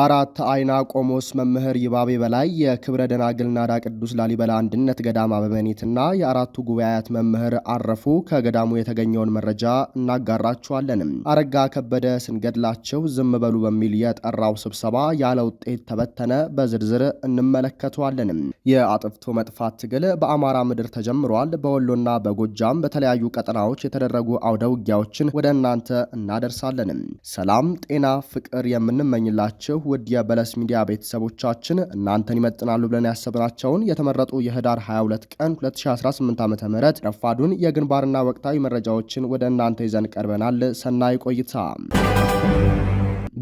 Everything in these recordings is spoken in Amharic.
አራት አይና ቆሞስ መምህር ይባቤ በላይ የክብረ ደናግል ናዳ ቅዱስ ላሊበላ አንድነት ገዳም አበበኔትና የአራቱ ጉባኤያት መምህር አረፉ። ከገዳሙ የተገኘውን መረጃ እናጋራችኋለንም። አረጋ ከበደ ስንገድላቸው ዝም በሉ በሚል የጠራው ስብሰባ ያለ ውጤት ተበተነ። በዝርዝር እንመለከተዋለንም። የአጥፍቶ መጥፋት ትግል በአማራ ምድር ተጀምሯል። በወሎና በጎጃም በተለያዩ ቀጠናዎች የተደረጉ አውደ ውጊያዎችን ወደ እናንተ እናደርሳለንም። ሰላም፣ ጤና፣ ፍቅር የምንመኝላቸው ውድ የበለስ ሚዲያ ቤተሰቦቻችን እናንተን ይመጥናሉ ብለን ያሰብናቸውን የተመረጡ የህዳር 22 ቀን 2018 ዓ ም ረፋዱን የግንባርና ወቅታዊ መረጃዎችን ወደ እናንተ ይዘን ቀርበናል። ሰናይ ቆይታ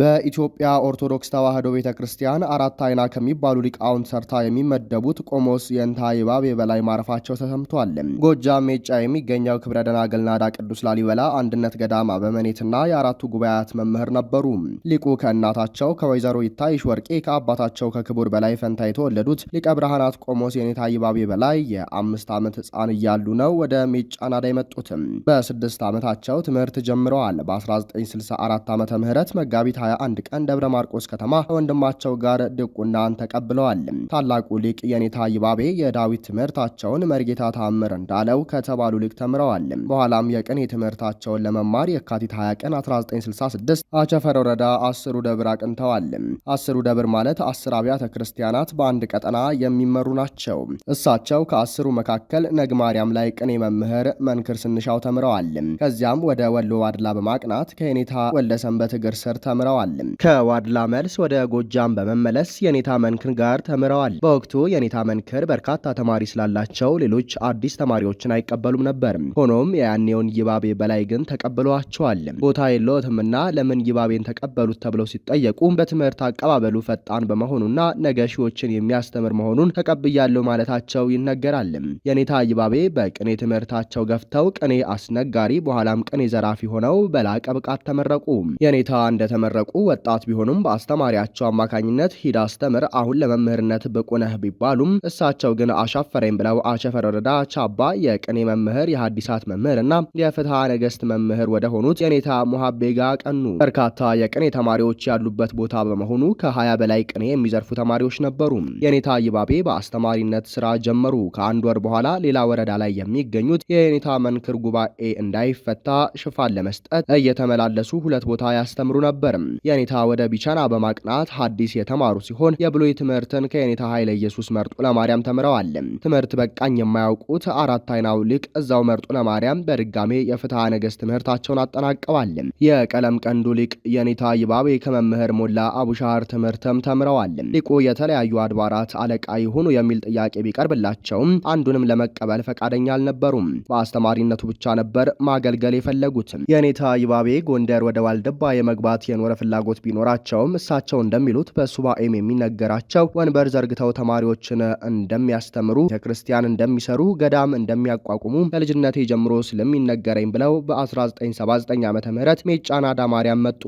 በኢትዮጵያ ኦርቶዶክስ ተዋሕዶ ቤተ ክርስቲያን አራት አይና ከሚባሉ ሊቃውንት ሰርታ የሚመደቡት ቆሞስ የንታ ይባብ የበላይ ማረፋቸው ተሰምቷል። ጎጃም ሜጫ የሚገኘው ክብረ ደናግል ናዳ ቅዱስ ላሊበላ አንድነት ገዳማ በመኔትና የአራቱ ጉባኤያት መምህር ነበሩ። ሊቁ ከእናታቸው ከወይዘሮ ይታይሽ ወርቄ ከአባታቸው ከክቡር በላይ ፈንታ የተወለዱት ሊቀ ብርሃናት ቆሞስ የኔታ ይባብ የበላይ የአምስት ዓመት ህፃን እያሉ ነው ወደ ሜጫ ናዳ የመጡትም። በስድስት ዓመታቸው ትምህርት ጀምረዋል። በ1964 ዓ ም መጋቢት መጋቢት 21 ቀን ደብረ ማርቆስ ከተማ ከወንድማቸው ጋር ድቁናን ተቀብለዋል። ታላቁ ሊቅ የኔታ ይባቤ የዳዊት ትምህርታቸውን መርጌታ ታምር እንዳለው ከተባሉ ሊቅ ተምረዋል። በኋላም የቅኔ ትምህርታቸውን ለመማር የካቲት 20 ቀን 1966 አቸፈር ወረዳ አስሩ ደብር አቅንተዋል። አስሩ ደብር ማለት አስር አብያተ ክርስቲያናት በአንድ ቀጠና የሚመሩ ናቸው። እሳቸው ከአስሩ መካከል ነግ ማርያም ላይ ቅኔ መምህር መንክር ስንሻው ተምረዋል። ከዚያም ወደ ወሎ ባድላ በማቅናት ከኔታ ወልደሰንበት እግር ስር ተምረ ተምረዋል። ከዋድላ መልስ ወደ ጎጃም በመመለስ የኔታ መንክር ጋር ተምረዋል። በወቅቱ የኔታ መንክር በርካታ ተማሪ ስላላቸው ሌሎች አዲስ ተማሪዎችን አይቀበሉም ነበር። ሆኖም የያኔውን ይባቤ በላይ ግን ተቀብሏቸዋል። ቦታ የለዎትምና ለምን ይባቤን ተቀበሉት ተብለው ሲጠየቁ በትምህርት አቀባበሉ ፈጣን በመሆኑና ነገ ሺዎችን የሚያስተምር መሆኑን ተቀብያለሁ ማለታቸው ይነገራል። የኔታ ይባቤ በቅኔ ትምህርታቸው ገፍተው ቅኔ አስነጋሪ በኋላም ቅኔ ዘራፊ ሆነው በላቀ ብቃት ተመረቁ። የኔታ እንደተመረ የተመረቁ ወጣት ቢሆኑም በአስተማሪያቸው አማካኝነት ሂድ አስተምር፣ አሁን ለመምህርነት ብቁ ነህ ቢባሉም እሳቸው ግን አሻፈረኝ ብለው አቸፈር ወረዳ ቻባ የቅኔ መምህር፣ የሐዲሳት መምህር እና የፍትሐ ነገሥት መምህር ወደ ሆኑት የኔታ ሙሃቤጋ ቀኑ። በርካታ የቅኔ ተማሪዎች ያሉበት ቦታ በመሆኑ ከሀያ በላይ ቅኔ የሚዘርፉ ተማሪዎች ነበሩ። የኔታ ይባቤ በአስተማሪነት ስራ ጀመሩ። ከአንድ ወር በኋላ ሌላ ወረዳ ላይ የሚገኙት የኔታ መንክር ጉባኤ እንዳይፈታ ሽፋን ለመስጠት እየተመላለሱ ሁለት ቦታ ያስተምሩ ነበር። የኔታ ወደ ቢቻና በማቅናት ሐዲስ የተማሩ ሲሆን የብሉይ ትምህርትን ከየኔታ ኃይለ ኢየሱስ መርጦ ለማርያም ተምረዋል። ትምህርት በቃኝ የማያውቁት አራት አይናው ሊቅ እዛው መርጦ ለማርያም በድጋሜ የፍትሐ ነገሥት ትምህርታቸውን አጠናቀዋል። የቀለም ቀንዱ ሊቅ የኔታ ይባቤ ከመምህር ሞላ አቡሻህር ትምህርትም ተምረዋል። ሊቁ የተለያዩ አድባራት አለቃ ይሁኑ የሚል ጥያቄ ቢቀርብላቸውም አንዱንም ለመቀበል ፈቃደኛ አልነበሩም። በአስተማሪነቱ ብቻ ነበር ማገልገል የፈለጉትም። የኔታ ይባቤ ጎንደር ወደ ዋልደባ የመግባት የኖረ ፍላጎት ቢኖራቸውም እሳቸው እንደሚሉት በሱባኤም የሚነገራቸው ወንበር ዘርግተው ተማሪዎችን እንደሚያስተምሩ፣ ክርስቲያን እንደሚሰሩ፣ ገዳም እንደሚያቋቁሙ ከልጅነቴ ጀምሮ ስለሚነገረኝ ብለው በ1979 ዓ ም ሜጫን አዳ ማርያም መጡ።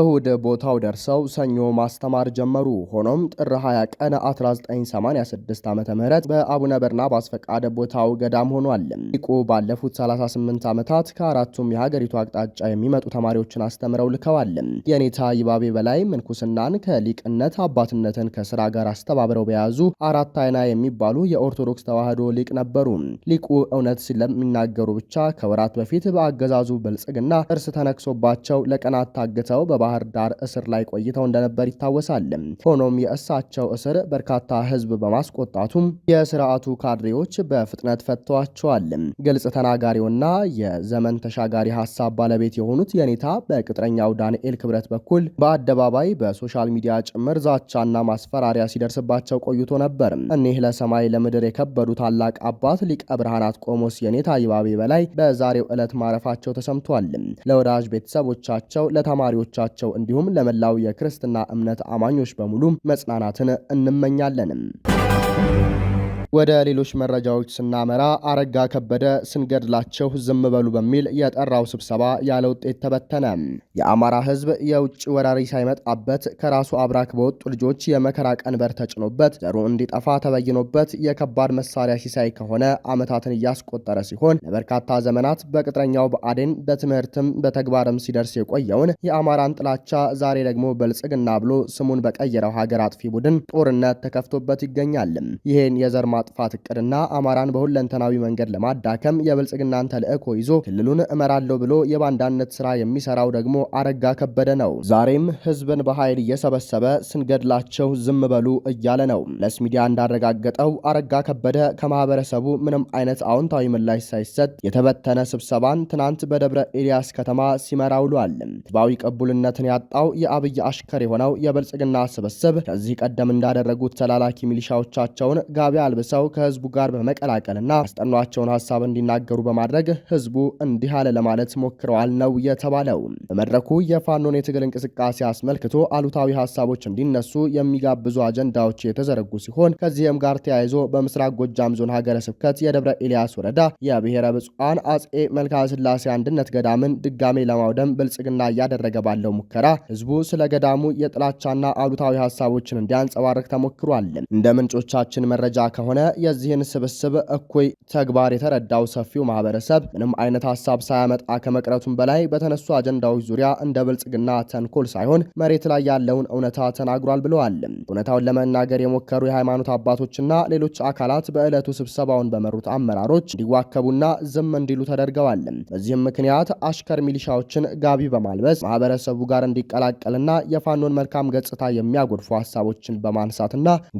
እሁድ ቦታው ደርሰው ሰኞ ማስተማር ጀመሩ። ሆኖም ጥር 20 ቀን 1986 ዓ ም በአቡነ በርናባስ ፈቃድ ቦታው ገዳም ሆኗል። ሊቁ ባለፉት 38 ዓመታት ከአራቱም የሀገሪቱ አቅጣጫ የሚመጡ ተማሪዎችን አስተምረው ልከዋል። የኔ ሁኔታ ይባቤ በላይ ምንኩስናን ከሊቅነት አባትነትን ከስራ ጋር አስተባብረው በያዙ አራት አይና የሚባሉ የኦርቶዶክስ ተዋህዶ ሊቅ ነበሩ። ሊቁ እውነት ስለሚናገሩ ብቻ ከወራት በፊት በአገዛዙ ብልጽግና ጥርስ ተነክሶባቸው ለቀናት ታግተው በባህር ዳር እስር ላይ ቆይተው እንደነበር ይታወሳል። ሆኖም የእሳቸው እስር በርካታ ህዝብ በማስቆጣቱም የስርዓቱ ካድሬዎች በፍጥነት ፈተዋቸዋል። ግልጽ ተናጋሪውና የዘመን ተሻጋሪ ሀሳብ ባለቤት የሆኑት የኔታ በቅጥረኛው ዳንኤል ክብረት በኩል በአደባባይ በሶሻል ሚዲያ ጭምር ዛቻና ማስፈራሪያ ሲደርስባቸው ቆይቶ ነበር። እኒህ ለሰማይ ለምድር የከበዱ ታላቅ አባት ሊቀ ብርሃናት ቆሞስ የኔታ ይባቤ በላይ በዛሬው ዕለት ማረፋቸው ተሰምቷል። ለወዳጅ ቤተሰቦቻቸው፣ ለተማሪዎቻቸው እንዲሁም ለመላው የክርስትና እምነት አማኞች በሙሉ መጽናናትን እንመኛለንም። ወደ ሌሎች መረጃዎች ስናመራ አረጋ ከበደ ስንገድላቸው ዝም በሉ በሚል የጠራው ስብሰባ ያለ ውጤት ተበተነ። የአማራ ሕዝብ የውጭ ወራሪ ሳይመጣበት ከራሱ አብራክ በወጡ ልጆች የመከራ ቀንበር ተጭኖበት ዘሩ እንዲጠፋ ተበይኖበት የከባድ መሳሪያ ሲሳይ ከሆነ ዓመታትን እያስቆጠረ ሲሆን ለበርካታ ዘመናት በቅጥረኛው በአዴን በትምህርትም በተግባርም ሲደርስ የቆየውን የአማራን ጥላቻ ዛሬ ደግሞ ብልጽግና ብሎ ስሙን በቀየረው ሀገር አጥፊ ቡድን ጦርነት ተከፍቶበት ይገኛል። ይህን የዘርማ የማጥፋት እቅድና አማራን በሁለንተናዊ መንገድ ለማዳከም የብልጽግናን ተልእኮ ይዞ ክልሉን እመራለሁ ብሎ የባንዳነት ስራ የሚሰራው ደግሞ አረጋ ከበደ ነው። ዛሬም ህዝብን በኃይል እየሰበሰበ ስንገድላቸው ዝም በሉ እያለ ነው። ለስ ሚዲያ እንዳረጋገጠው አረጋ ከበደ ከማህበረሰቡ ምንም አይነት አዎንታዊ ምላሽ ሳይሰጥ የተበተነ ስብሰባን ትናንት በደብረ ኤልያስ ከተማ ሲመራ ውሏል። ህዝባዊ ቅቡልነትን ያጣው የአብይ አሽከር የሆነው የብልጽግና ስብስብ ከዚህ ቀደም እንዳደረጉት ተላላኪ ሚሊሻዎቻቸውን ጋቢ አልብሰው ሰው ከህዝቡ ጋር በመቀላቀልና ያስጠኗቸውን ሀሳብ እንዲናገሩ በማድረግ ህዝቡ እንዲህ አለ ለማለት ሞክረዋል ነው የተባለው። በመድረኩ የፋኖን የትግል እንቅስቃሴ አስመልክቶ አሉታዊ ሀሳቦች እንዲነሱ የሚጋብዙ አጀንዳዎች የተዘረጉ ሲሆን ከዚህም ጋር ተያይዞ በምስራቅ ጎጃም ዞን ሀገረ ስብከት የደብረ ኤልያስ ወረዳ የብሔረ ብፁዓን አጼ መልካ ስላሴ አንድነት ገዳምን ድጋሜ ለማውደም ብልጽግና እያደረገ ባለው ሙከራ ህዝቡ ስለ ገዳሙ የጥላቻና አሉታዊ ሀሳቦችን እንዲያንጸባርቅ ተሞክሯል። እንደ ምንጮቻችን መረጃ ከሆነ ሆነ የዚህን ስብስብ እኩይ ተግባር የተረዳው ሰፊው ማህበረሰብ ምንም አይነት ሀሳብ ሳያመጣ ከመቅረቱም በላይ በተነሱ አጀንዳዎች ዙሪያ እንደ ብልጽግና ተንኮል ሳይሆን መሬት ላይ ያለውን እውነታ ተናግሯል ብለዋል። እውነታውን ለመናገር የሞከሩ የሃይማኖት አባቶችና ሌሎች አካላት በዕለቱ ስብሰባውን በመሩት አመራሮች እንዲዋከቡና ዝም እንዲሉ ተደርገዋል። በዚህም ምክንያት አሽከር ሚሊሻዎችን ጋቢ በማልበስ ማህበረሰቡ ጋር እንዲቀላቀልና የፋኖን መልካም ገጽታ የሚያጎድፉ ሀሳቦችን በማንሳትና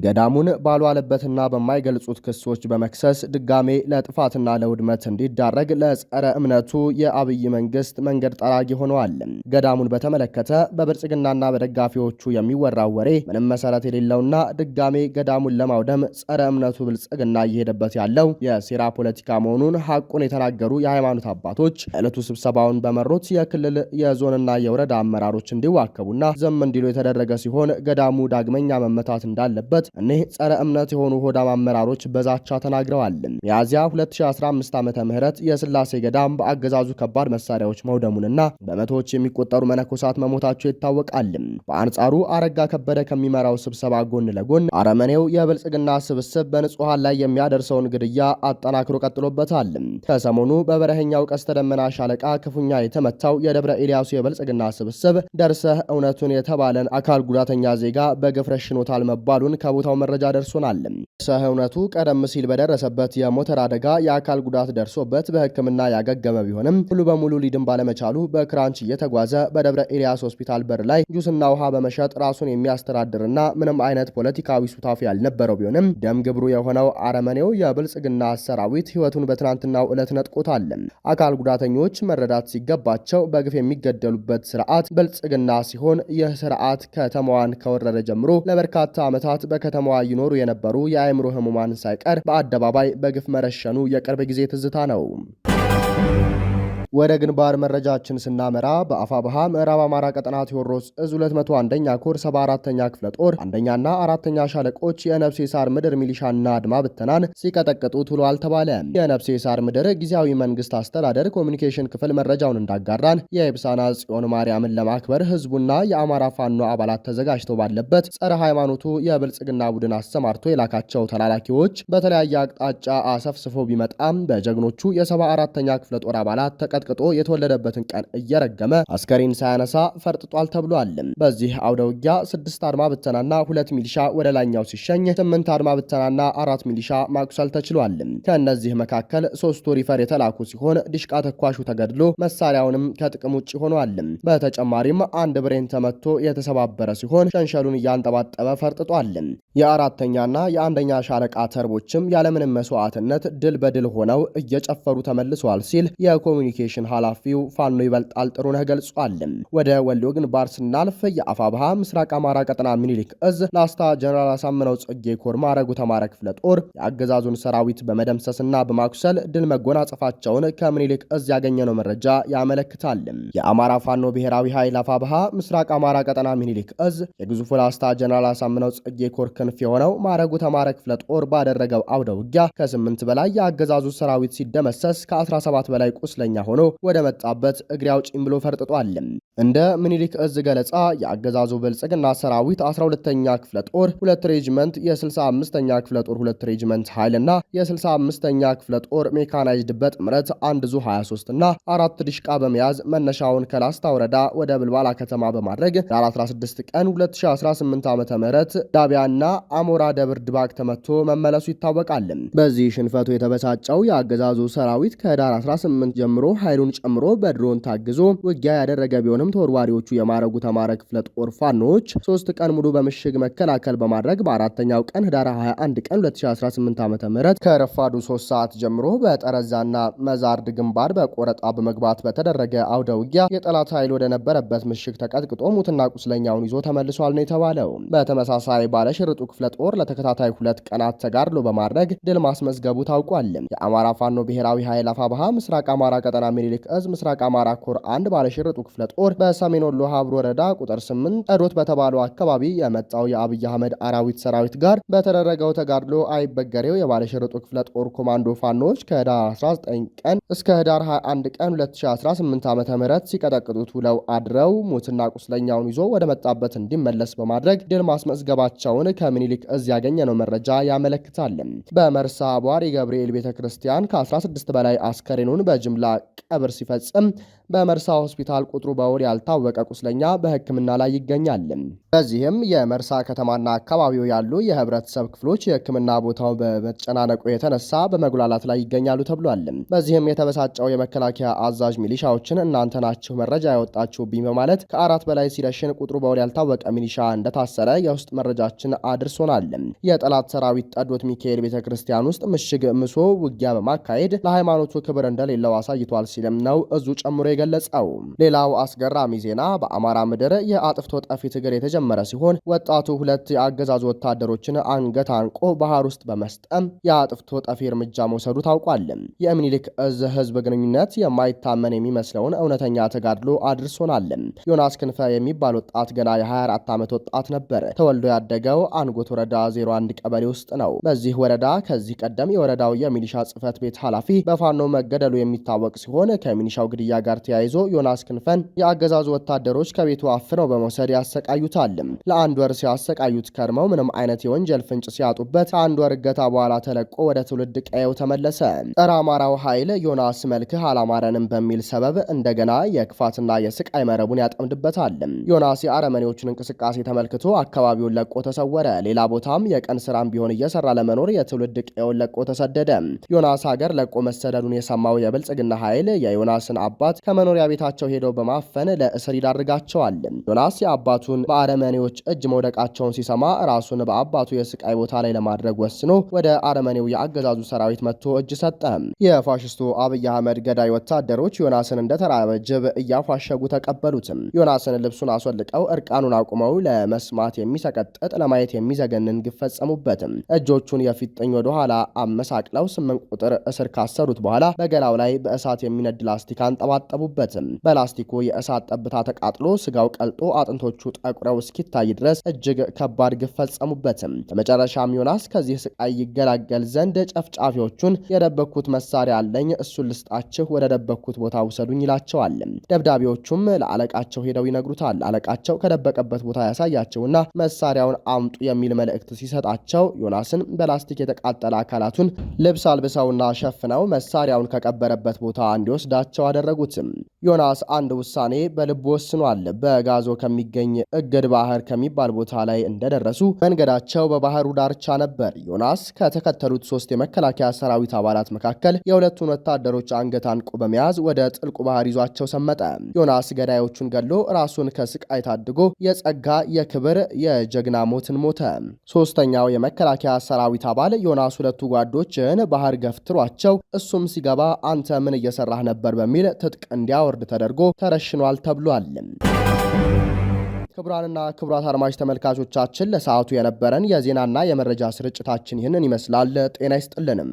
ገዳሙን ባሏለበትና በማይ በማይገልጹት ክሶች በመክሰስ ድጋሜ ለጥፋትና ለውድመት እንዲዳረግ ለጸረ እምነቱ የአብይ መንግስት መንገድ ጠራጊ ሆነዋል። ገዳሙን በተመለከተ በብልጽግናና በደጋፊዎቹ የሚወራው ወሬ ምንም መሰረት የሌለውና ድጋሜ ገዳሙን ለማውደም ጸረ እምነቱ ብልጽግና እየሄደበት ያለው የሴራ ፖለቲካ መሆኑን ሐቁን የተናገሩ የሃይማኖት አባቶች ዕለቱ ስብሰባውን በመሩት የክልል የዞንና የወረዳ አመራሮች እንዲዋከቡና ዘም እንዲሉ የተደረገ ሲሆን ገዳሙ ዳግመኛ መመታት እንዳለበት እኒህ ጸረ እምነት የሆኑ ሆዳም አመራሮች በዛቻ ተናግረዋል። ሚያዝያ 2015 ዓ ምህረት የስላሴ ገዳም በአገዛዙ ከባድ መሳሪያዎች መውደሙንና በመቶዎች የሚቆጠሩ መነኮሳት መሞታቸው ይታወቃል። በአንጻሩ አረጋ ከበደ ከሚመራው ስብሰባ ጎን ለጎን አረመኔው የብልጽግና ስብስብ በንጹሐን ላይ የሚያደርሰውን ግድያ አጠናክሮ ቀጥሎበታል። ከሰሞኑ በበረሀኛው ቀስተ ደመና ሻለቃ ክፉኛ የተመታው የደብረ ኤልያሱ የብልጽግና ስብስብ ደርሰህ እውነቱን የተባለን አካል ጉዳተኛ ዜጋ በግፍ ረሽኖታል መባሉን ከቦታው መረጃ ደርሶናል። ደርሰህ ንብረቱ ቀደም ሲል በደረሰበት የሞተር አደጋ የአካል ጉዳት ደርሶበት በሕክምና ያገገመ ቢሆንም ሙሉ በሙሉ ሊድን ባለመቻሉ በክራንች እየተጓዘ በደብረ ኤልያስ ሆስፒታል በር ላይ ጁስና ውሃ በመሸጥ ራሱን የሚያስተዳድርና ምንም አይነት ፖለቲካዊ ሱታፍ ያልነበረው ቢሆንም ደም ግብሩ የሆነው አረመኔው የብልጽግና ሰራዊት ህይወቱን በትናንትናው ዕለት ነጥቆታል። አካል ጉዳተኞች መረዳት ሲገባቸው በግፍ የሚገደሉበት ስርዓት ብልጽግና ሲሆን ይህ ስርዓት ከተማዋን ከወረረ ጀምሮ ለበርካታ ዓመታት በከተማዋ ይኖሩ የነበሩ የአእምሮ ህሙማ መቃወሟን ሳይቀር በአደባባይ በግፍ መረሸኑ የቅርብ ጊዜ ትዝታ ነው። ወደ ግንባር መረጃችን ስናመራ በአፋብሃ ምዕራብ አማራ ቀጠና ቴዎድሮስ እዝ 201ኛ ኮር 74ኛ ክፍለ ጦር አንደኛና አራተኛ ሻለቆች የነፍሴ ሳር ምድር ሚሊሻና አድማ ብተናን ሲቀጠቅጡ ትሎ አልተባለ። የነፍሴ ሳር ምድር ጊዜያዊ መንግስት አስተዳደር ኮሚኒኬሽን ክፍል መረጃውን እንዳጋራን የኤብሳና ጽዮን ማርያምን ለማክበር ህዝቡና የአማራ ፋኖ አባላት ተዘጋጅተው ባለበት ጸረ ሃይማኖቱ የብልጽግና ቡድን አሰማርቶ የላካቸው ተላላኪዎች በተለያየ አቅጣጫ አሰፍስፎ ቢመጣም በጀግኖቹ የ74ኛ ክፍለ ጦር አባላት ተቀ አቀጥቅጦ የተወለደበትን ቀን እየረገመ አስከሬን ሳያነሳ ፈርጥጧል ተብሏል። በዚህ አውደ ውጊያ ስድስት አድማ ብተናና ሁለት ሚሊሻ ወደ ላይኛው ሲሸኝ ስምንት አድማ ብተናና አራት ሚሊሻ ማቁሰል ተችሏል። ከእነዚህ መካከል ሶስቱ ሪፈር የተላኩ ሲሆን ድሽቃ ተኳሹ ተገድሎ መሳሪያውንም ከጥቅም ውጭ ሆኗል። በተጨማሪም አንድ ብሬን ተመቶ የተሰባበረ ሲሆን ሸንሸሉን እያንጠባጠበ ፈርጥጧል። የአራተኛና የአንደኛ ሻለቃ ተርቦችም ያለምንም መስዋዕትነት ድል በድል ሆነው እየጨፈሩ ተመልሰዋል ሲል የኮሚኒኬ ኮሚኒኬሽን ኃላፊው ፋኖ ይበልጣል ጥሩነህ ገልጿል። ወደ ወሎ ግንባር ስናልፍ የአፋብሃ ምስራቅ አማራ ቀጠና ሚኒሊክ እዝ ላስታ ጀነራል አሳምነው ጽጌ ኮር ማረጉ ተማረ ክፍለ ጦር የአገዛዙን ሰራዊት በመደምሰስና በማኩሰል ድል መጎናጸፋቸውን ከሚኒሊክ እዝ ያገኘነው መረጃ ያመለክታል። የአማራ ፋኖ ብሔራዊ ኃይል አፋብሃ ምስራቅ አማራ ቀጠና ሚኒሊክ እዝ የግዙፉ ላስታ ጀነራል አሳምነው ጽጌ ኮር ክንፍ የሆነው ማረጉ ተማረ ክፍለ ጦር ባደረገው አውደ ውጊያ ከስምንት በላይ የአገዛዙ ሰራዊት ሲደመሰስ ከ17 በላይ ቁስለኛ ሆኖ ሆኖ ወደ መጣበት እግሬ አውጪኝ ብሎ ፈርጥጧል። እንደ ምኒልክ እዝ ገለጻ የአገዛዙ ብልጽግና ሰራዊት 12ኛ ክፍለ ጦር ሁለት ሬጅመንት፣ የ65ኛ ክፍለ ጦር ሁለት ሬጅመንት ኃይልና የ65ኛ ክፍለ ጦር ሜካናይዝድ በጥምረት አንድ ዙ 23 እና አራት ድሽቃ በመያዝ መነሻውን ከላስታ ወረዳ ወደ ብልባላ ከተማ በማድረግ ለ16 ቀን 2018 ዓ ም ዳቢያና አሞራ ደብር ድባቅ ተመቶ መመለሱ ይታወቃል። በዚህ ሽንፈቱ የተበሳጨው የአገዛዙ ሰራዊት ከዳር 18 ጀምሮ ኃይሉን ጨምሮ በድሮን ታግዞ ውጊያ ያደረገ ቢሆንም ተወርዋሪዎቹ የማረጉ ተማረ ክፍለ ጦር ፋኖች ሶስት ቀን ሙሉ በምሽግ መከላከል በማድረግ በአራተኛው ቀን ህዳር 21 ቀን 2018 ዓ ም ከረፋዱ ሶስት ሰዓት ጀምሮ በጠረዛና መዛርድ ግንባር በቆረጣ በመግባት በተደረገ አውደ ውጊያ የጠላት ኃይል ወደነበረበት ምሽግ ተቀጥቅጦ ሙትና ቁስለኛውን ይዞ ተመልሷል ነው የተባለው። በተመሳሳይ ባለሽርጡ ክፍለ ጦር ለተከታታይ ሁለት ቀናት ተጋድሎ በማድረግ ድል ማስመዝገቡ ታውቋል። የአማራ ፋኖ ብሔራዊ ኃይል አፋብሃ ምስራቅ አማራ ቀጠና ምኒልክ እዝ ምስራቅ አማራ ኮር አንድ ባለሽርጡ ክፍለ ጦር በሰሜን ወሎ ሀብሮ ወረዳ ቁጥር 8 ጠዶት በተባለው አካባቢ የመጣው የአብይ አህመድ አራዊት ሰራዊት ጋር በተደረገው ተጋድሎ አይበገሬው የባለሽርጡ ክፍለ ጦር ኮማንዶ ፋኖዎች ከህዳር 19 ቀን እስከ ህዳር 21 ቀን 2018 ዓ ም ሲቀጠቅጡት ውለው አድረው ሙትና ቁስለኛውን ይዞ ወደ መጣበት እንዲመለስ በማድረግ ድል ማስመዝገባቸውን ከምኒልክ እዝ ያገኘነው መረጃ ያመለክታል። በመርሳ አቧሪ ገብርኤል ቤተ ክርስቲያን ከ16 በላይ አስከሬኑን በጅምላ ቀብር ሲፈጽም በመርሳ ሆስፒታል ቁጥሩ በውል ያልታወቀ ቁስለኛ በሕክምና ላይ ይገኛል። በዚህም የመርሳ ከተማና አካባቢው ያሉ የህብረተሰብ ክፍሎች የሕክምና ቦታው በመጨናነቁ የተነሳ በመጉላላት ላይ ይገኛሉ ተብሏል። በዚህም የተበሳጨው የመከላከያ አዛዥ ሚሊሻዎችን እናንተ ናችሁ መረጃ ያወጣችሁብኝ በማለት ከአራት በላይ ሲረሽን ቁጥሩ በውል ያልታወቀ ሚሊሻ እንደታሰረ የውስጥ መረጃችን አድርሶናል። የጠላት ሰራዊት ጠዶት ሚካኤል ቤተ ክርስቲያን ውስጥ ምሽግ ምሶ ውጊያ በማካሄድ ለሃይማኖቱ ክብር እንደሌለው አሳይቷል ሲልም ነው እዙ ጨምሮ የገለጸው። ሌላው አስገራሚ ዜና በአማራ ምድር የአጥፍቶ ጠፊ ትግል የተጀመረ ሲሆን ወጣቱ ሁለት የአገዛዝ ወታደሮችን አንገት አንቆ ባህር ውስጥ በመስጠም የአጥፍቶ ጠፊ እርምጃ መውሰዱ ታውቋል። የምኒልክ እዝ ህዝብ ግንኙነት የማይታመን የሚመስለውን እውነተኛ ተጋድሎ አድርሶናል። ዮናስ ክንፈ የሚባል ወጣት ገና የ24 ዓመት ወጣት ነበር። ተወልዶ ያደገው አንጎት ወረዳ 01 ቀበሌ ውስጥ ነው። በዚህ ወረዳ ከዚህ ቀደም የወረዳው የሚሊሻ ጽህፈት ቤት ኃላፊ በፋኖ መገደሉ የሚታወቅ ሲሆን ከሚሊሻው ግድያ ጋር ተያይዞ ዮናስ ክንፈን የአገዛዙ ወታደሮች ከቤቱ አፍነው በመውሰድ ያሰቃዩታል። ለአንድ ወር ሲያሰቃዩት ከርመው ምንም አይነት የወንጀል ፍንጭ ሲያጡበት ከአንድ ወር እገታ በኋላ ተለቆ ወደ ትውልድ ቀየው ተመለሰ። ጸረ አማራው ኃይል ዮናስ መልክህ አላማረንም በሚል ሰበብ እንደገና የክፋትና የስቃይ መረቡን ያጠምድበታል። ዮናስ የአረመኔዎቹን እንቅስቃሴ ተመልክቶ አካባቢውን ለቆ ተሰወረ። ሌላ ቦታም የቀን ስራም ቢሆን እየሰራ ለመኖር የትውልድ ቀየውን ለቆ ተሰደደ። ዮናስ ሀገር ለቆ መሰደዱን የሰማው የብልጽግና ኃይል የዮናስን አባት መኖሪያ ቤታቸው ሄደው በማፈን ለእስር ይዳርጋቸዋል። ዮናስ የአባቱን በአረመኔዎች እጅ መውደቃቸውን ሲሰማ ራሱን በአባቱ የስቃይ ቦታ ላይ ለማድረግ ወስኖ ወደ አረመኔው የአገዛዙ ሰራዊት መጥቶ እጅ ሰጠ። የፋሽስቱ አብይ አህመድ ገዳይ ወታደሮች ዮናስን እንደተራበ ጅብ እያፏሸጉ ተቀበሉትም። ዮናስን ልብሱን አስወልቀው እርቃኑን አቁመው ለመስማት የሚሰቀጥጥ ለማየት የሚዘገንን ግፍ ፈጸሙበትም። እጆቹን የፊጥኝ ወደ ኋላ አመሳቅለው ስምንት ቁጥር እስር ካሰሩት በኋላ በገላው ላይ በእሳት የሚነድ ላስቲክ አንጠባጠቡ አልቀረቡበትም። በላስቲኩ የእሳት ጠብታ ተቃጥሎ ስጋው ቀልጦ አጥንቶቹ ጠቁረው እስኪታይ ድረስ እጅግ ከባድ ግፍ ፈጸሙበትም። በመጨረሻም ዮናስ ከዚህ ስቃይ ይገላገል ዘንድ ጨፍጫፊዎቹን የደበኩት መሳሪያ አለኝ፣ እሱን ልስጣችሁ፣ ወደ ደበኩት ቦታ ውሰዱኝ ይላቸዋል። ደብዳቤዎቹም ለአለቃቸው ሄደው ይነግሩታል። አለቃቸው ከደበቀበት ቦታ ያሳያቸውና መሳሪያውን አምጡ የሚል መልእክት ሲሰጣቸው ዮናስን በላስቲክ የተቃጠለ አካላቱን ልብስ አልብሰውና ሸፍነው መሳሪያውን ከቀበረበት ቦታ እንዲወስዳቸው አደረጉትም። um, ዮናስ አንድ ውሳኔ በልብ ወስኗል። በጋዞ ከሚገኝ እግድ ባህር ከሚባል ቦታ ላይ እንደደረሱ መንገዳቸው በባህሩ ዳርቻ ነበር። ዮናስ ከተከተሉት ሶስት የመከላከያ ሰራዊት አባላት መካከል የሁለቱን ወታደሮች አንገት አንቆ በመያዝ ወደ ጥልቁ ባህር ይዟቸው ሰመጠ። ዮናስ ገዳዮቹን ገሎ ራሱን ከስቃይ ታድጎ የጸጋ የክብር የጀግና ሞትን ሞተ። ሶስተኛው የመከላከያ ሰራዊት አባል ዮናስ ሁለቱ ጓዶችን ባህር ገፍትሯቸው እሱም ሲገባ አንተ ምን እየሰራህ ነበር በሚል ትጥቅ እንዲያወር ቦርድ ተደርጎ ተረሽኗል ተብሏል። ክቡራንና ክቡራት አድማጭ ተመልካቾቻችን ለሰዓቱ የነበረን የዜናና የመረጃ ስርጭታችን ይህንን ይመስላል። ጤና ይስጥልንም።